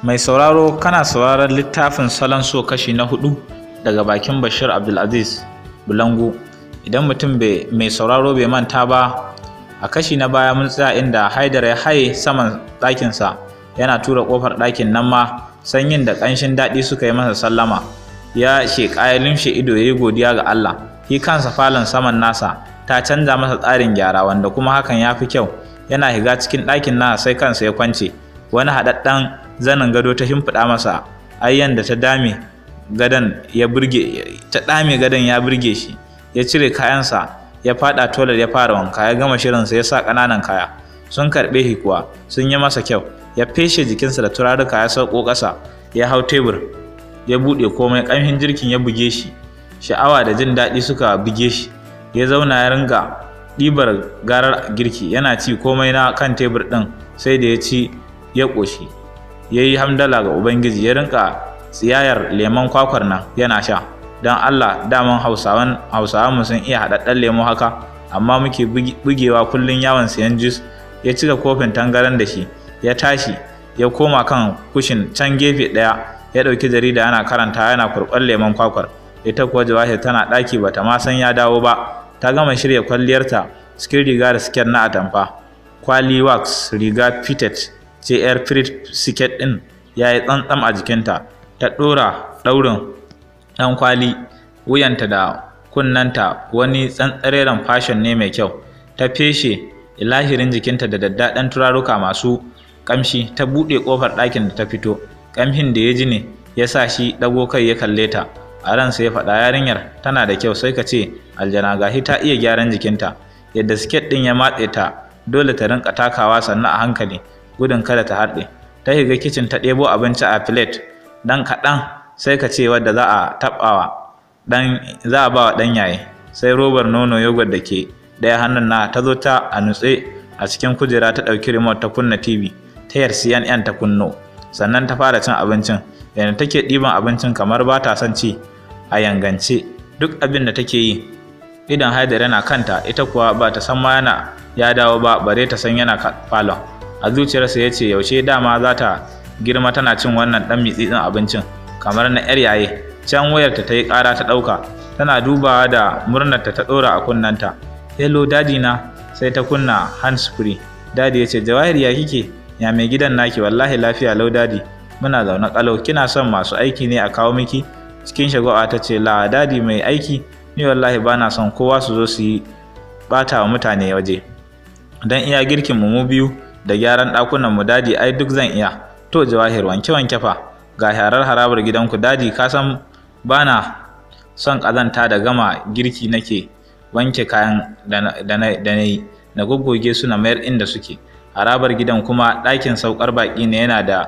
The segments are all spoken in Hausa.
Mai sauraro kana sauraron littafin salon so kashi na hudu daga bakin Bashir Abdulaziz Bulangu. Idan mutum mai sauraro bai manta ba a kashi na baya mun tsaya inda Haidar ya haye saman ɗakinsa yana tura ƙofar ɗakin nan ma sanyin da kanshin daɗi suka yi masa sallama. Ya sheƙa ya limshe ido ya yi godiya ga Allah. Shi kansa falon saman nasa ta canza masa tsarin gyara wanda kuma hakan ya fi kyau. Yana higa cikin ɗakin nasa sai kansa ya kwance. Wani haɗaɗɗen zanin gado ta himfida masa ayyan da ta dame gadon ya burge ta dame gadan ya burge shi ya cire kayansa ya fada tolar ya fara wanka ya gama shirinsa ya sa kananan kaya sun karbe shi kuwa sun yi masa kyau ya feshe jikinsa da turaruka ya sauko kasa ya hau tebur ya bude komai ƙamshin jirkin ya buge shi sha'awa da jin daɗi suka buge shi ya zauna ya ringa ɗibar garar girki yana ci komai na kan tebur ɗin sai da ya ci ya ƙoshi ya yi hamdala ga ubangiji ya rinka tsiyayar lemon kwakwar nan yana sha don allah daman hausawan hausawan mu sun iya haɗaɗɗen lemo haka amma muke bugewa kullum yawon siyan jus ya cika kofin tangaran da shi ya tashi ya koma kan kushin can gefe ɗaya ya ɗauki jarida yana karanta yana kurɓar lemon kwakwar ita kuwa jawahir tana ɗaki bata ma san ya dawo ba ta gama shirya kwalliyarta cikin riga da siket na atamfa kwali wax riga fitted sai yar firit siket ɗin ya yi tsantsam a jikinta ta ɗora ɗaurin ɗan kwali wuyanta da kunnanta wani tsantsareren fashon ne mai kyau ta feshe ilahirin jikinta da daddaɗan turaruka masu ƙamshi ta buɗe ƙofar ɗakin da ta fito ƙamshin da ya ji ne ya sa shi ɗago kai ya kalle ta a ransa ya faɗa yarinyar tana da kyau sai ka ce aljana gashi ta iya gyaran jikinta yadda siket ɗin ya matse ta dole ta rinka takawa sannan a hankali gudun kada ta haɗe ta shiga kicin ta ɗebo abinci a filet dan kaɗan sai ka ce wadda za a taɓawa dan za a ba wa ɗan yaye sai robar nono yogurt da ke ɗaya hannun na ta zo ta a nutse a cikin kujera ta ɗauki remote ta kunna tv ta yar yan ta kunno sannan ta fara cin abincin yana take ɗiban abincin kamar ba ta son ci a yangance duk abin da take yi idan haidar yana kanta ita kuwa ba ta san ma yana ya dawo ba bare ta san yana falon a zuciyarsa ya ce yaushe dama za ta girma tana cin wannan ɗan mitsitsin abincin kamar na 'yar yaye can wayarta ta yi kara ta ɗauka tana dubawa da murnarta ta dora a kunnanta hello dadi na sai ta kunna hands free dadi ya ce jawahir ya kike ya mai gidan naki wallahi lafiya lau dadi muna zaune kalau kina son masu aiki ne a kawo miki cikin shago'a ta ce la dadi mai aiki ni wallahi bana son kowa su zo su yi bata wa mutane waje dan iya girkin mu mu biyu da gyaran ɗakunan mu dadi ai duk zan iya to jawahir wanke wanke fa ga harar harabar gidanku dadi ka san bana son ƙazanta da gama girki nake wanke kayan da na yi na goggoge su na mayar inda suke harabar gidan kuma ɗakin saukar baƙi ne yana da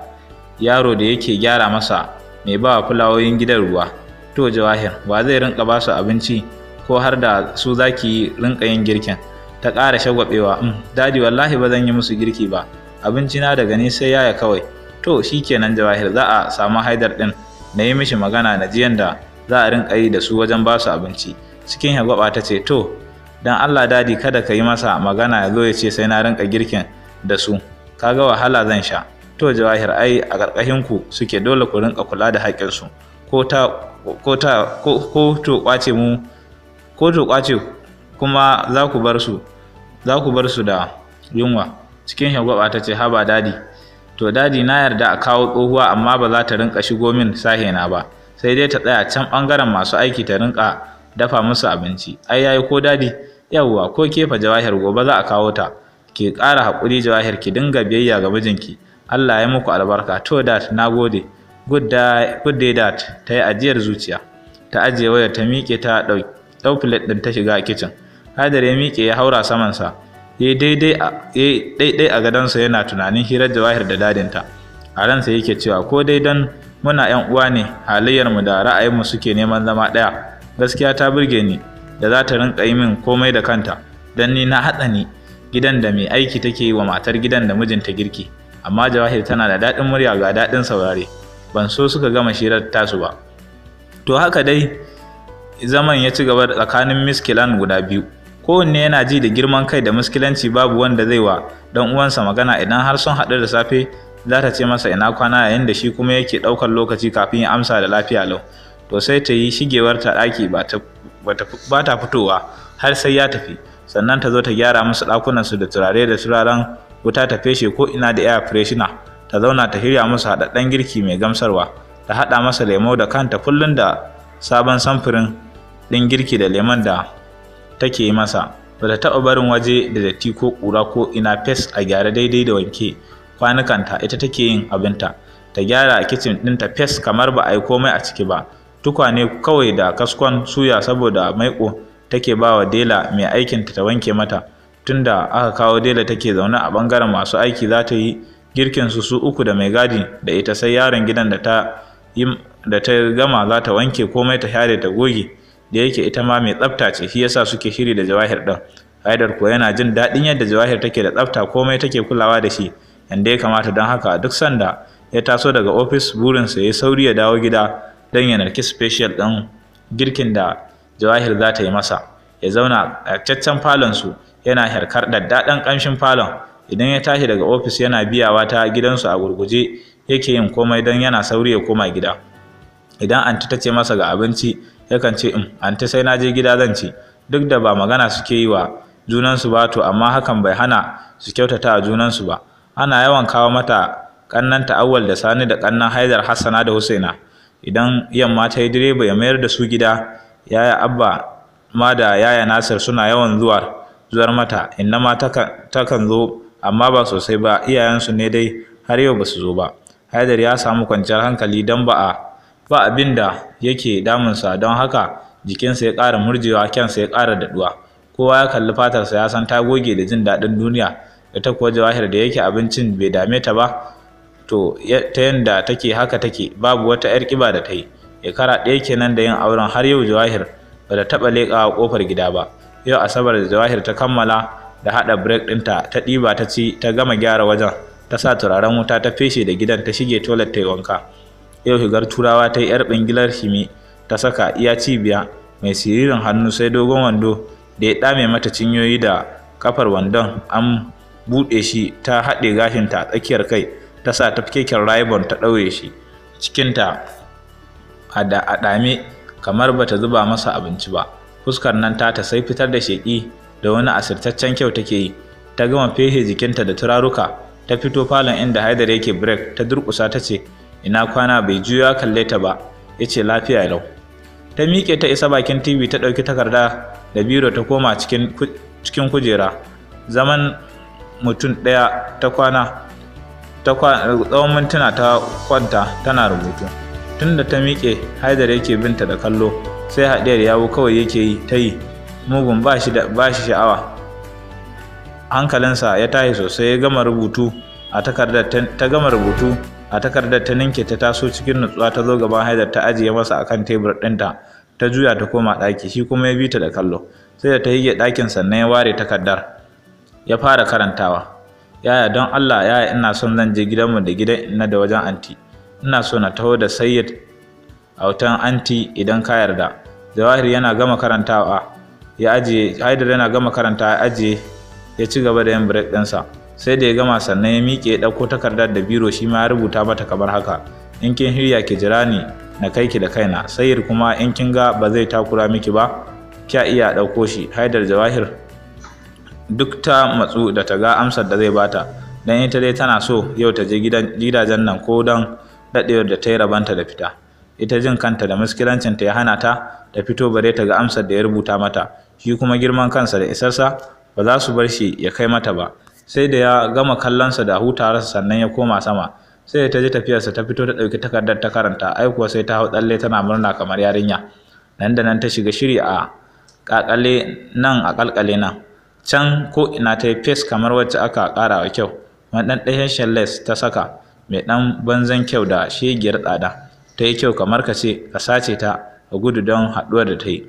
yaro da yake gyara masa mai ba fulawoyin gidan ruwa to jawahir ba zai rinka ba su abinci ko har da su zaki rinka yin girkin ta ƙara shagwabewa mm. dadi wallahi ba zan yi musu girki ba abinci na daga ni sai yaya kawai to shi shikenan jawahir za a samu haidar din na yi mishi magana na jiyan da za a rinka yi da su wajen ba su abinci cikin hagwaba ta ce to dan Allah dadi kada ka yi masa magana ya zo ya ce sai na rinka girkin da su kaga wahala zan sha to jawahir ai a ƙarƙashin ku suke dole ku rinka kula da haƙƙinsu ko ta ko ta ko to kwace mu ko to kwace kuma za ku bar su da yunwa cikin shagwaba ta ce haba dadi to dadi na yarda a kawo tsohuwa amma ba za ta rinka shigo min na ba sai dai ta tsaya can bangaren masu aiki ta rinka dafa musu abinci ai yayi ko dadi yawwa ko kefa jawahir gobe za a kawo ta ki ƙara haƙuri jawahir ki dinga biyayya ga mijinki Allah ya muku albarka to dat na gode good day dat ta yi ajiyar zuciya ta ajiye waya ta miƙe ta ɗau plate ɗin ta shiga kicin Haidar ya miƙe ya haura samansa, ya yi daidai a gadonsa yana tunanin hirar jawahir da dadinta. A ransa yake cewa ko dai don muna ‘yan uwa ne halayyarmu da ra'ayinmu suke neman zama ɗaya, gaskiya ta burge ni da za ta rinƙa yi min komai da kanta, don ni na haɗa ni gidan da mai aiki take yi wa matar gidan da mijinta girki, amma jawahir tana da daɗin murya ga daɗin saurare, ban so suka gama shirar tasu ba. To haka dai zaman ya ci gaba tsakanin miskilan guda biyu. kowanne yana ji da girman kai da muskilanci babu wanda zai wa dan uwansa magana idan har sun haɗu da safe za ta ce masa ina kwana yayin da shi kuma yake ɗaukar lokaci kafin ya amsa da lafiya lau to sai ta yi shigewar ta ɗaki ba ta fitowa har sai ya tafi sannan ta zo ta gyara musu su da turare da turaren wuta ta feshe ko ina da air freshener ta zauna ta hirya musu haɗaɗɗen girki mai gamsarwa ta haɗa masa lemo da kanta kullum da sabon samfurin ɗin girki da lemon da take masa bata taba taɓa barin waje da datti ko ƙura ko ina fes a gyara daidai da wanke kwanukanta ita take yin abinta ta gyara kicin ɗinta fes kamar ba a yi komai a ciki ba tukwane kawai da kaskon suya saboda maiko take ba wa dela mai aikinta ta wanke mata tunda aka kawo dela take zaune a ɓangaren masu aiki za ta yi girkin su su uku da mai gadi da ita sai yaron gidan da ta gama za ta wanke komai ta share ta goge da yake ita ma mai tsafta ce shi yasa suke shiri da jawahir din haidar ko yana jin daɗin yadda jawahir take da tsafta komai take kulawa da shi yanda ya kamata don haka duk sanda ya taso daga ofis burin burinsa ya sauri ya dawo gida don ya narki special ɗin girkin da jawahir za ta yi masa ya zauna a falon su yana harkar daddaɗan kamshin falon idan ya tashi daga ofis yana biyawa ta gidansu a gurguje yake yin komai don yana sauri ya koma gida idan anti ta ce masa ga abinci yakan ce mm, in ta sai na je gida zan ci duk da ba magana suke yi wa junansu ba to amma hakan bai hana su kyautata a junansu ba ana yawan kawo mata kannan ta'awwal da sani da kannan haidar hassana da husaina idan yamma ta yi direba ya mayar da su gida yaya abba ma da yaya nasir suna yawan zuwa zuwar mata inna ma takan zo amma ba sosai ba iyayensu ne dai har yau ba su zo ba haidar ya samu kwanciyar hankali don ba a ba abin da yake damunsa don haka jikinsa ya ƙara murjewa kyansa ya ƙara daɗuwa kowa ya kalli fatarsa ya san ta goge da jin daɗin duniya ta kuwa jawahir da yake abincin bai dame ta ba to ta yanda take haka take babu wata 'yar ƙiba da ta yi shekara ɗaya kenan da yin auren har yau jawahir ba da taɓa leƙawa ƙofar gida ba yau asabar da jawahir ta kammala da haɗa birek ɗinta ta ɗiba ta ci ta gama gyara wajen ta sa turaren wuta ta feshe da gidan ta shige toilet ta yi wanka yau higar turawa ta yi yar bangilar himi ta saka iya cibiya mai siririn hannu sai dogon wando da ya dame mata cinyoyi da kafar wandon an buɗe shi ta haɗe gashinta a tsakiyar kai ta sa ta tafkeken raibon ta ɗauye shi cikinta a dame kamar bata zuba masa abinci ba fuskar nan ta sai fitar da sheki da wani asirtaccen kyau take yi ta gama fehe jikinta da turaruka ta fito falon inda haidar yake break ta durkusa ta ce ina kwana bai juya kalle ta ba ya ce lafiya lau ta miƙe ta isa bakin tv ta ɗauki takarda da biro ta koma cikin kujera zaman mutum ɗaya ta kwana tsawon mintuna ta kwanta tana rubutu tunda ta miƙe haidar yake binta da kallo sai haɗiyar yawo kawai yake yi ta yi mugun ba shi sha'awa hankalinsa ya tashi sosai ya gama rubutu a takardar ta gama rubutu a takardar ta ninke ta taso cikin nutsuwa ta zo gaban haidar ta ajiye masa akan tebur ɗinta ta juya ta koma ɗaki shi kuma ya bi ta da kallo sai da ta hige ɗakin sannan ya ware takardar ya fara karantawa yaya don allah yaya ina son zan je gidanmu da gidan ina da wajen anti ina so na taho da sayyid autan anti idan ka yarda jawahir yana gama karantawa ya ajiye haidar yana gama karantawa ya ajiye ya ci gaba da yin break ɗinsa sai da ya gama sannan ya miƙe ya ɗauko takardar da biro shi ma ya rubuta mata kamar haka in kin hirya ki jira ni na kai ki da kaina sayir kuma in kin ga ba zai takura miki ba kya iya ɗauko shi haidar jawahir duk ta matsu da ta ga amsar da zai bata dan ita dai tana so yau ta je gidajen nan ko don daɗewar da ta yi rabanta da fita ita jin kanta da muskilancin ta ya hana ta ta fito bare ta ga amsar da ya rubuta mata shi kuma girman kansa da isarsa ba za su bar shi ya kai mata ba sai da ya gama kallonsa da hutawarsa sannan ya koma sama sai ta ji tafiyarsa ta fito ta ɗauki takardar ta karanta ai kuwa sai ta hau tsalle tana murna kamar yarinya nan da nan ta shiga shiri a kakale nan a kalkale nan can ko ina ta yi fes kamar wacce aka kara wa kyau wani ɗan ɗayan shalles ta saka mai ɗan banzan kyau da shegiyar tsada ta yi kyau kamar ka ce ka sace ta a gudu don haɗuwar da ta yi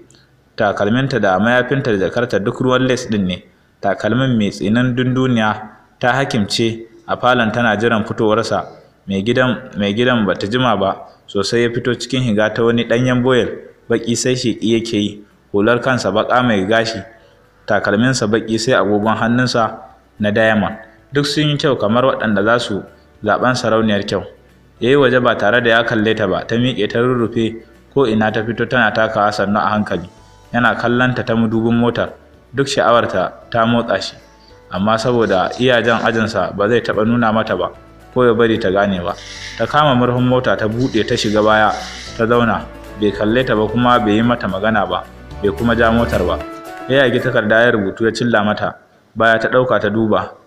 takalminta da mayafinta da jakarta duk ruwan les ɗin ne takalmin mai tsinan dunduniya ta hakimce a falon tana jiran fitowarsa mai gidan mai gidan bata jima ba sosai ya fito cikin higa ta wani ɗanyen boyel baƙi sai iya yake yi hular kansa baƙa mai gashi takalminsa baƙi sai agogon hannunsa na diamond duk sun yi kyau kamar waɗanda za su zaɓen sarauniyar kyau ya yi waje ba tare da ya kalle ta ba ta miƙe ta rurrufe ko ina ta fito tana takawa sannu a hankali yana kallon ta ta mudubin motar duk sha'awarta ta motsa shi amma saboda iya iyajen ajinsa ba zai taɓa nuna mata ba ko ya bari ta gane ba ta kama murhun mota ta buɗe ta shiga baya ta zauna bai kalle ta ba kuma bai yi mata magana ba bai kuma ja motar ba ya yage takarda ya rubutu ya cilla mata baya ta ɗauka ta duba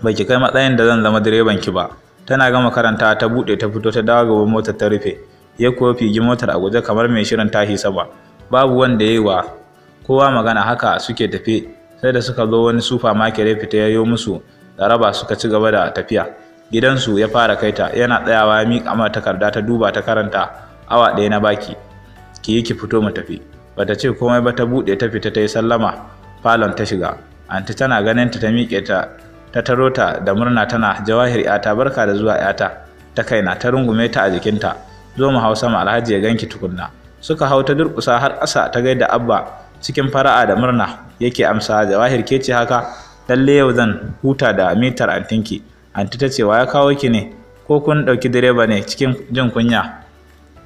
bai ki kai matsayin da zan zama direban ki ba tana gama karanta ta buɗe ta fito ta dawo gaban motar ta rufe ya kuwa figi motar a guje kamar mai shirin tahi sama babu wanda ya yi wa kowa magana haka suke tafe sai da suka zo wani supermarket ya fita ya yo musu raba suka ci gaba da tafiya gidansu ya fara kaita yana tsayawa ya miƙa mata takarda ta duba ta karanta awa ɗaya na baki ki yi ki fito mu tafi bata ce komai ba ta buɗe ta fita ta yi sallama falon ta shiga anti tana ganin ta ta miƙe ta ta taro ta da murna tana jawahir yata barka da zuwa yata ta kaina ta rungume ta a jikinta zo mu hau sama alhaji ya ganki tukunna suka hau ta durƙusa har ƙasa ta gaida abba cikin fara'a da murna yake amsa jawahir ke ce haka lalle yau zan huta da mitar antinki anti ta ce wa ya kawo ki ne ko kun ɗauki direba ne cikin jin kunya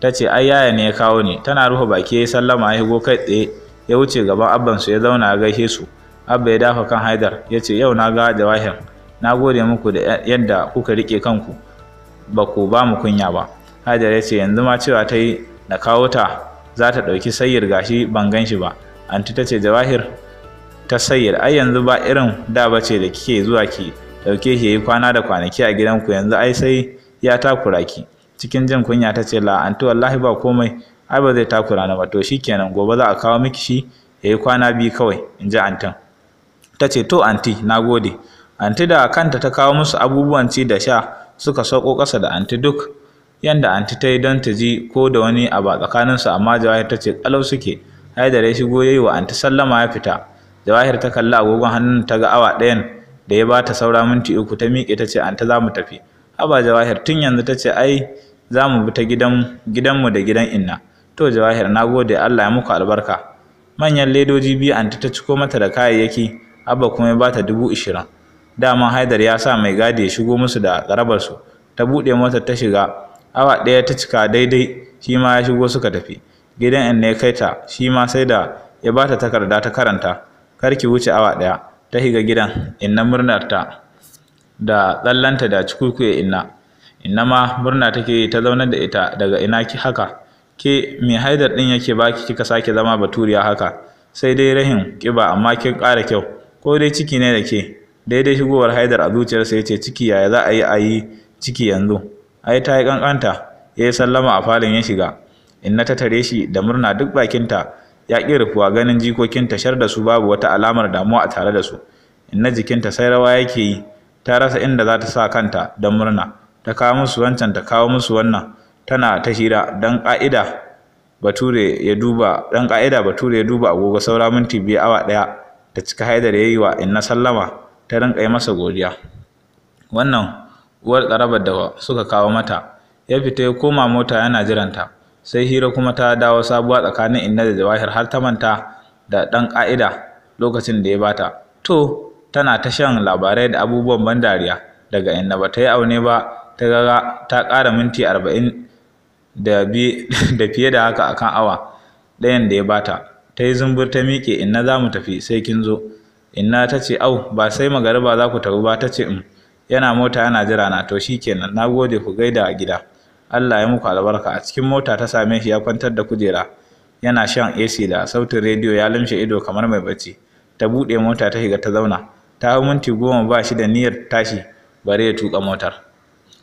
ta ce ai yaya ne ya kawo ni tana rufe baki ya sallama ya higo kai tsaye ya wuce gaban abban su ya zauna ya gaishe su abba ya dafa kan haidar ya ce yau na ga jawahir na gode muku da yadda kuka rike kanku ba ku ba mu kunya ba haidar ya ce yanzu ma cewa ta yi na kawo ta za ta ɗauki sayyar gashi ban gan shi ba anti ta ce jawahir ta sayyar ai yanzu ba irin da ba ce da kike zuwa ki dauke ki yi kwana da kwanaki a gidanku yanzu ai sai ya takura ki cikin jin kunya ta ce la anti wallahi ba komai ai ba zai takura na ba to shikenan gobe za a kawo miki shi ya yi kwana biyu kawai in ji antin ta ce to anti na gode anti da kanta ta kawo musu abubuwan ci da sha suka sauko kasa da anti duk yanda anti ta yi don ta ji ko da wani abu a tsakaninsu amma jawahir ta ce ƙalau suke haidar ya shigo ya yi wa anti sallama ya fita jawahir ta kalli agogon hannun ta ga awa ɗayan da ya bata saura minti uku ta miƙe ta ce anta za mu tafi haba jawahir tun yanzu ta ce ai za mu bi ta gidan gidanmu da gidan inna to jawahir na gode allah ya muku albarka manyan ledoji biyu anta ta ciko mata da kayayyaki abba kuma ya bata dubu ishirin dama haidar ya sa mai gadi ya shigo musu da garabarsu ta buɗe motar ta shiga awa ɗaya ta cika daidai shi ma ya shigo suka tafi gidan in ne kai ta shi ma sai da ya ba ta takarda ta karanta kar ki wuce awa ɗaya ta higa gidan inna murnarta da tsallanta da cikukuye inna inna ma murna take yi ta zaunar da ita daga ina ki haka ke mai haidar ɗin yake baki kika sake zama baturiya haka sai dai rahin kiba amma kin ƙara kyau ko dai ciki ne da ke daidai shigowar haidar a zuciyarsa ya ce ciki yaya za a yi a yi ciki yanzu ai ta yi ƙanƙanta ya yi sallama a falon ya shiga inna ta tare shi da murna duk bakinta ya ƙi rufuwa ganin jikokin tashar da su babu wata alamar damuwa a tare da su inna jikinta sai rawa yake yi ta rasa inda za ta sa kanta don murna ta kawo musu wancan ta kawo musu wannan tana ta hira don ƙa'ida bature ya duba dan ka'ida bature ya duba agogo saura minti biyu awa ɗaya ta cika haidar yi wa inna sallama ta rinka yi masa godiya wannan uwar tsarabar da suka kawo mata ya fita ya koma mota yana jiranta sai hira kuma ta dawo sabuwa tsakanin inna da jawahir har ta manta da dan ka'ida lokacin da ya bata to tana ta shan labarai da abubuwan ban dariya daga inna ba ta yi aune ba ta gaga ta ƙara minti arba'in da fiye da haka akan awa ɗayan da ya bata ta yi zumbur ta miƙe inna za mu tafi sai kin zo inna ta ce au ba sai magariba za ku tafi ba ta ce in mm, yana mota yana jira na to shikenan na gode ku gaida a gida Allah ya muku albarka a cikin mota ta same shi ya kwantar da kujera yana shan AC da sautin rediyo ya lumshe ido kamar mai bacci ta buɗe mota ta shiga ta zauna ta hau minti goma ba shi da niyyar tashi bare ya tuka motar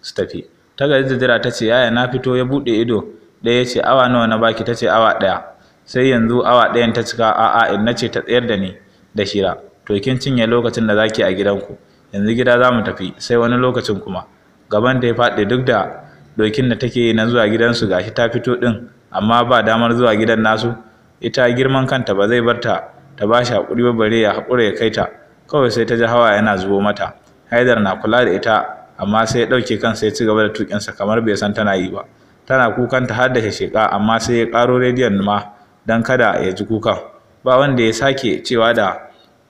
su tafi ta da jira ta ce yaya na fito ya buɗe ido ɗaya ya ce awa nawa na baki ta ce awa ɗaya sai yanzu awa ɗayan ta cika a'a in na ce ta tsayar da ni da shira to kin cinye lokacin da zaki a gidanku yanzu gida za mu tafi sai wani lokacin kuma gaban da ya faɗi duk da dokin da take yi na zuwa gidansu gashi ta fito din amma ba damar zuwa gidan nasu ita girman kanta ba zai barta ta ba shi hakuri ba bare ya hakura ya kai ta kawai sai ta ji hawa yana zubo mata haidar na kula da ita amma sai ya ɗauke kansa ya ci gaba da tukinsa kamar bai san tana yi ba tana kukan ta har da sheka amma sai ya karo rediyon ma dan kada ya ji kukan ba wanda ya sake cewa da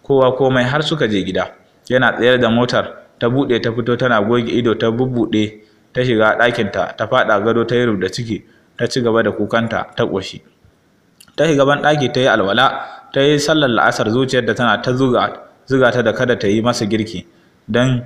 kowa komai har suka je gida yana tsayar da motar ta buɗe ta fito tana goge ido ta bubbuɗe ta shiga ɗakinta ta faɗa gado ta yi rubda ciki ta ci gaba da kukanta ta ƙoshi ta shiga ban ɗaki ta yi alwala ta yi sallar la'asar zuciyar da tana ta zuga zuga ta da kada ta yi masa girki don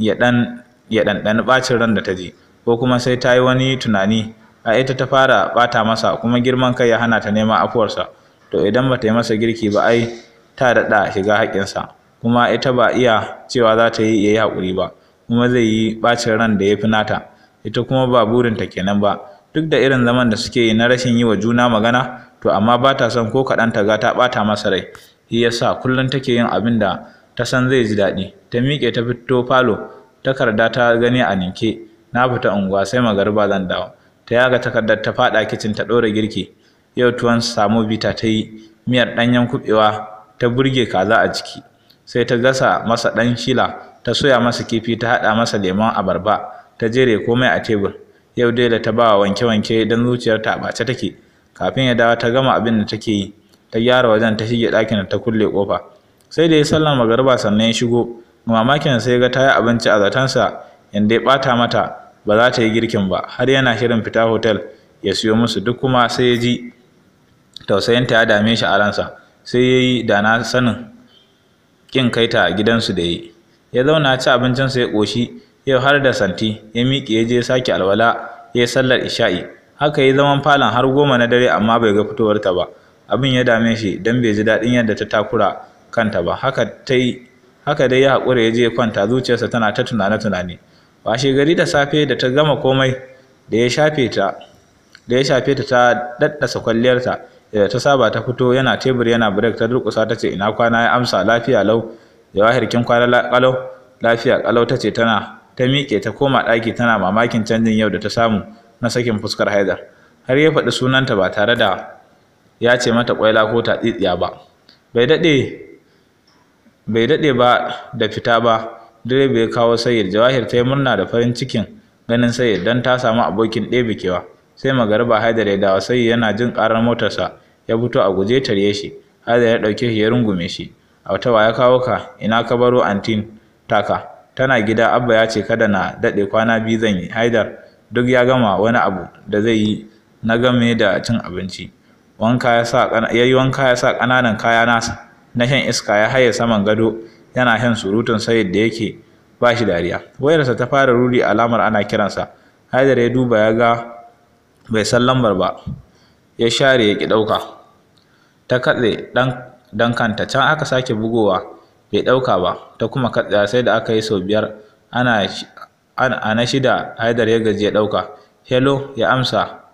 ya ɗan ya ɗanɗani ɓacin ran da ta je ko kuma sai ta yi wani tunani a ita ta fara ɓata masa kuma girman kai ya hana ta nema afuwarsa to idan ba ta yi masa girki ba ai ta daɗa shiga haƙƙinsa kuma ita ba iya cewa za ta yi ya yi haƙuri ba kuma zai yi ɓacin ran da ya fi nata ita kuma ba burinta kenan ba duk da irin zaman da suke yi na rashin yi wa juna magana to amma ba ta son ko kaɗan ta ga ta ɓata masa rai shi yasa kullum take yin abin da ta san zai ji daɗi ta miƙe ta fito falo takarda ta gani a ninke na fita unguwa sai magariba zan dawo ta yaga takardar ta faɗa kicin ta ɗora girki yau tuwon samu bita ta yi miyar ɗanyen kuɓewa ta burge kaza a ciki sai ta gasa masa ɗan shila ta soya masa kifi ta haɗa masa lemon abarba ta jere komai a tebur yau dai da ta ba wa wanke-wanke don zuciyarta ta ɓace take kafin ya dawo ta gama abin da take yi ta gyara wajen ta shige ɗakin ta kulle ƙofa sai da ya sallan magarba sannan ya shigo mamakin sai ga ta yi abinci a zatansa inda ya bata mata ba za ta yi girkin ba har yana shirin fita hotel ya siyo musu duk kuma sai ya ji tausayin ta ya dame shi a ransa sai ya yi da na sanin ƙin kaita gidansu da ya yi ya zauna ci abincinsa ya ƙoshi yau har da santi ya miƙe ya je sake alwala ya yi sallar isha'i haka ya zaman falon har goma na dare amma bai ga fitowarta ba abin ya dame shi don bai ji daɗin yadda ta takura kanta ba haka ta yi haka dai ya haƙura ya je kwanta zuciyarsa tana ta tunane tunane washe gari da safe da ta gama komai da ya shafe ta da ya shafe ta ta daddasa kwalliyarta da ta saba ta fito yana tebur yana break ta durƙusa ta ce ina kwana ya amsa lafiya lau jawahir kin kwana kalau lafiya kalau ta tana ta miƙe ta koma ɗaki tana mamakin canjin yau da ta samu na sakin fuskar haidar har ya faɗi sunanta ba tare da ya ce mata ƙwaila ko ta tsitsiya ba bai daɗe bai daɗe ba da fita ba direba ya kawo sayyid jawahir ta yi murna da farin cikin ganin sayyid don ta samu abokin ɗebe kewa sai magariba haidar ya dawo sayyid yana jin ƙarar motarsa ya fito a guje tare shi haidar ya ɗauke shi ya rungume shi Auta wata ya kawo ka ina ka baro antin taka tana gida abba ya ce kada na daɗe kwana biyu zan yi haidar duk ya gama wani abu da zai yi na game da cin abinci ya yi wanka ya sa ƙananan kaya nasa na shan iska ya haye saman gado yana shan surutun sayid da yake ba shi dariya wayarsa ta fara ruri alamar ana kiransa haidar ya duba ya ga bai san lambar ba ya share ya ki ɗauka ta katse ɗan don kanta can aka sake bugowa bai ɗauka ba ta kuma katsa sai da aka yi sau biyar ana a na shida haidar ya gaji ya ɗauka hello ya amsa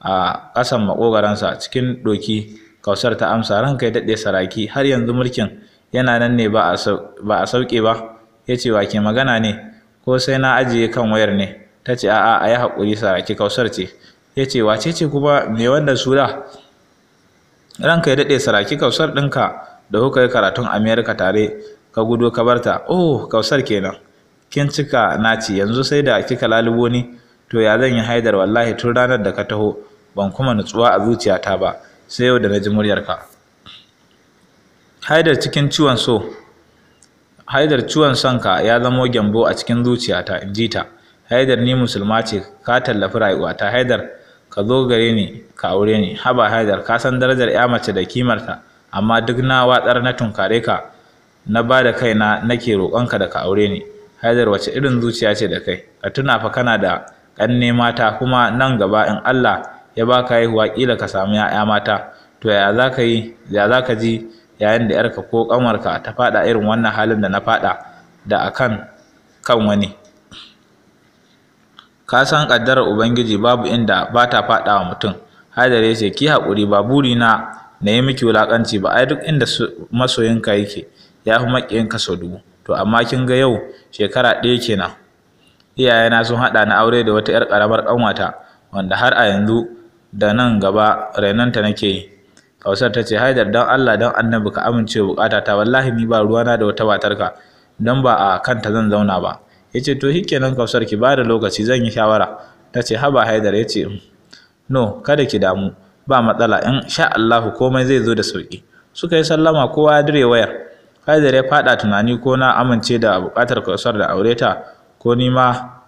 a kasan maƙogaransa cikin doki kausar ta amsa ranka ya daɗe saraki har yanzu mulkin yana nan ne ba a sauke ba ya ce wa ke magana ne ko sai na ajiye kan wayar ne ta ce a'a a yi haƙuri saraki kausar ce ya ce wace ce kuma me wanda sura ranka ya daɗe saraki kausar ɗinka da kuka yi karatun amerika tare ka gudo ka barta oh kausar kenan kin cika naci yanzu sai da kika lalubo ni to ya zan yi haidar wallahi tun ranar da ka taho ban kuma nutsuwa a zuciyata ba sai yau da na ji muryarka haidar cikin ciwon so haidar ciwon sonka ya zamo gyambo a cikin zuciyata in ji ta haidar ni musulma ce ka tallafi rayuwata haidar ka zo gare ni ka aure ni haba haidar ka san darajar ya mace da kimarta amma duk na watsar na tunkare ka na ba da kaina nake roƙonka da ka aure ni haidar wace irin zuciya ce da kai ka tuna fa kana da ƙanne mata kuma nan gaba in allah ya ba ka haihuwa kila ka samu ya'ya mata to ya za ka yi ya za ka ji yayin da yarka ko ƙanwarka ta faɗa irin wannan halin da na faɗa da akan kan wani Ka san ƙaddarar Ubangiji babu inda ba ta faɗa wa mutum. haidar ya ce, Ki haƙuri ba buri na na yi miki wulaƙanci ba, ai duk inda masoyinka yake ya fi maƙiyinka sau dubu. To amma kin ga yau shekara ɗaya kenan. Iyayena sun haɗa na aure da wata 'yar ƙaramar ƙanwata wanda har a yanzu da nan gaba rainonta nake yi. Kausar ta ce, haidar don Allah don annabi ka amince bukata ta wallahi ni ba ruwana da wata matarka don ba a kanta zan zauna ba. ya ce to shikenan kausar ki ba da lokaci zan yi shawara ta ce haba haidar ya ce no kada ki damu ba matsala in sha Allahu komai zai zo da sauki suka yi sallama kowa ya dire wayar haidar ya fada tunani ko na amince da bukatar kausar da aure ta ko ni ma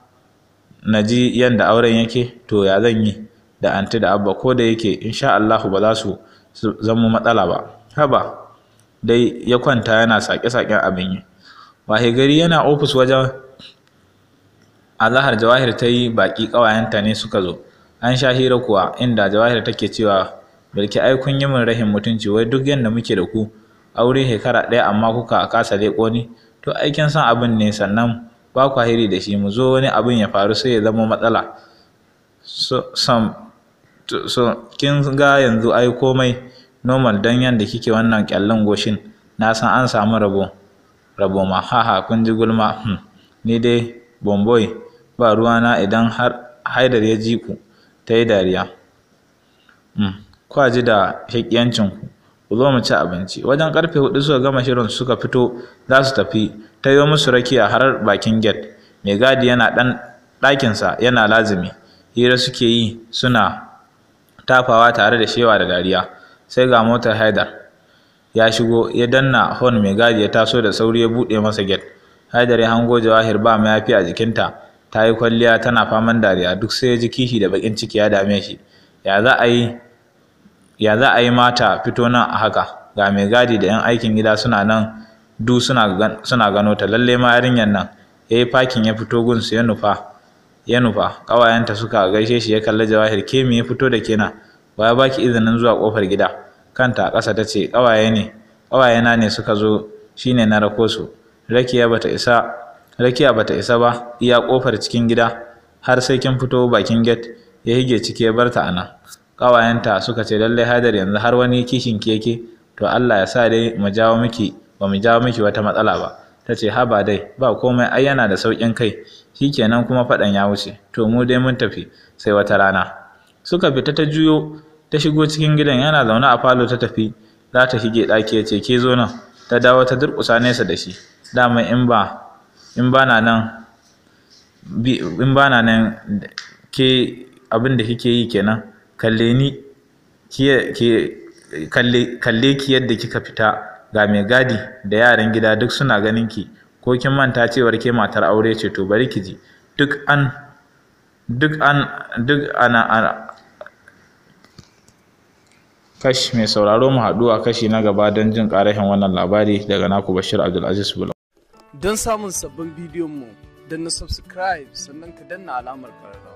na ji yanda auren yake to ya zan yi da anti da abba ko da yake in sha Allahu ba za su zama matsala ba haba dai ya kwanta yana sake-saken abin yi wahe gari yana ofis wajen azahar jawahir ta yi baƙi ƙawayenta ne suka zo an sha hira kuwa inda jawahir take cewa bilki ai kun yi min rahin mutunci wai duk yadda muke da ku aure shekara ɗaya amma kuka kasa leƙo ni to aikin san abin ne sannan ba ku hiri da shi mu zo wani abin ya faru sai ya zama matsala so, kin ga yanzu ai komai normal don yadda kike wannan kyallin goshin na san an samu rabo rabo ma haha kun ji gulma hmm, ni dai bomboy ba ruwana idan har haidar ya ji ku ta yi dariya hmm, kwaji da shaƙiyancinku ku zo mu ci abinci wajen karfe hudu suka gama shirin suka fito za su tafi ta yi musu rakiya har bakin get mai gadi yana dan ɗakinsa yana lazimi hira suke yi suna tafawa tare da shewa da dariya sai ga motar haidar ya shigo ya danna hon mai gadi ya taso da sauri ya buɗe masa get haidar ya hango jawahir ba mayafi a jikinta ta yi kwalliya tana faman dariya duk sai ya ji kishi da bakin ciki ya dame shi ya za a yi mata fito nan a haka ga mai gadi da 'yan aikin gida suna nan du suna gano ta lalle ma yarinyar nan ya yi fakin ya fito gunsu ya ya nufa ƙawayenta suka gaishe shi ya kalli jawahir ke me ya fito da kena ba ya baki izinin zuwa kofar gida kanta a kasa ta ce ne ƙawayena ne suka zo shine na rako su rakiya bata isa rakiya bata isa ba iya kofar cikin gida har sai kin fito bakin gate ya hige cike ya barta a nan suka ce lallai hadar yanzu har wani kishin keke to Allah ya sa dai mu jawo miki ba mu jawo miki wata matsala ba ta ce ba dai ba komai ai yana da saukin kai shikenan kuma fadan ya wuce to mu dai mun tafi sai wata rana suka fita ta juyo ta shigo cikin gidan yana zaune a falo ta tafi za ta shige ɗaki ya ce ke zo nan ta dawo ta durƙusa nesa da shi dama in ba in ba na nan in ke abin da kike yi kenan kalle ni kalle ki yadda kika fita ga mai gadi da yaran gida duk suna ganin ki ko kin manta cewar ke matar aure ce to bari ki ji duk an duk an duk ana ana kashi mai sauraro mu haɗu a kashi na gaba don jin ƙarashin wannan labari daga naku bashir abdulaziz bula don samun sabbin bidiyon mu na subscribe sannan ka danna alamar ƙararrawa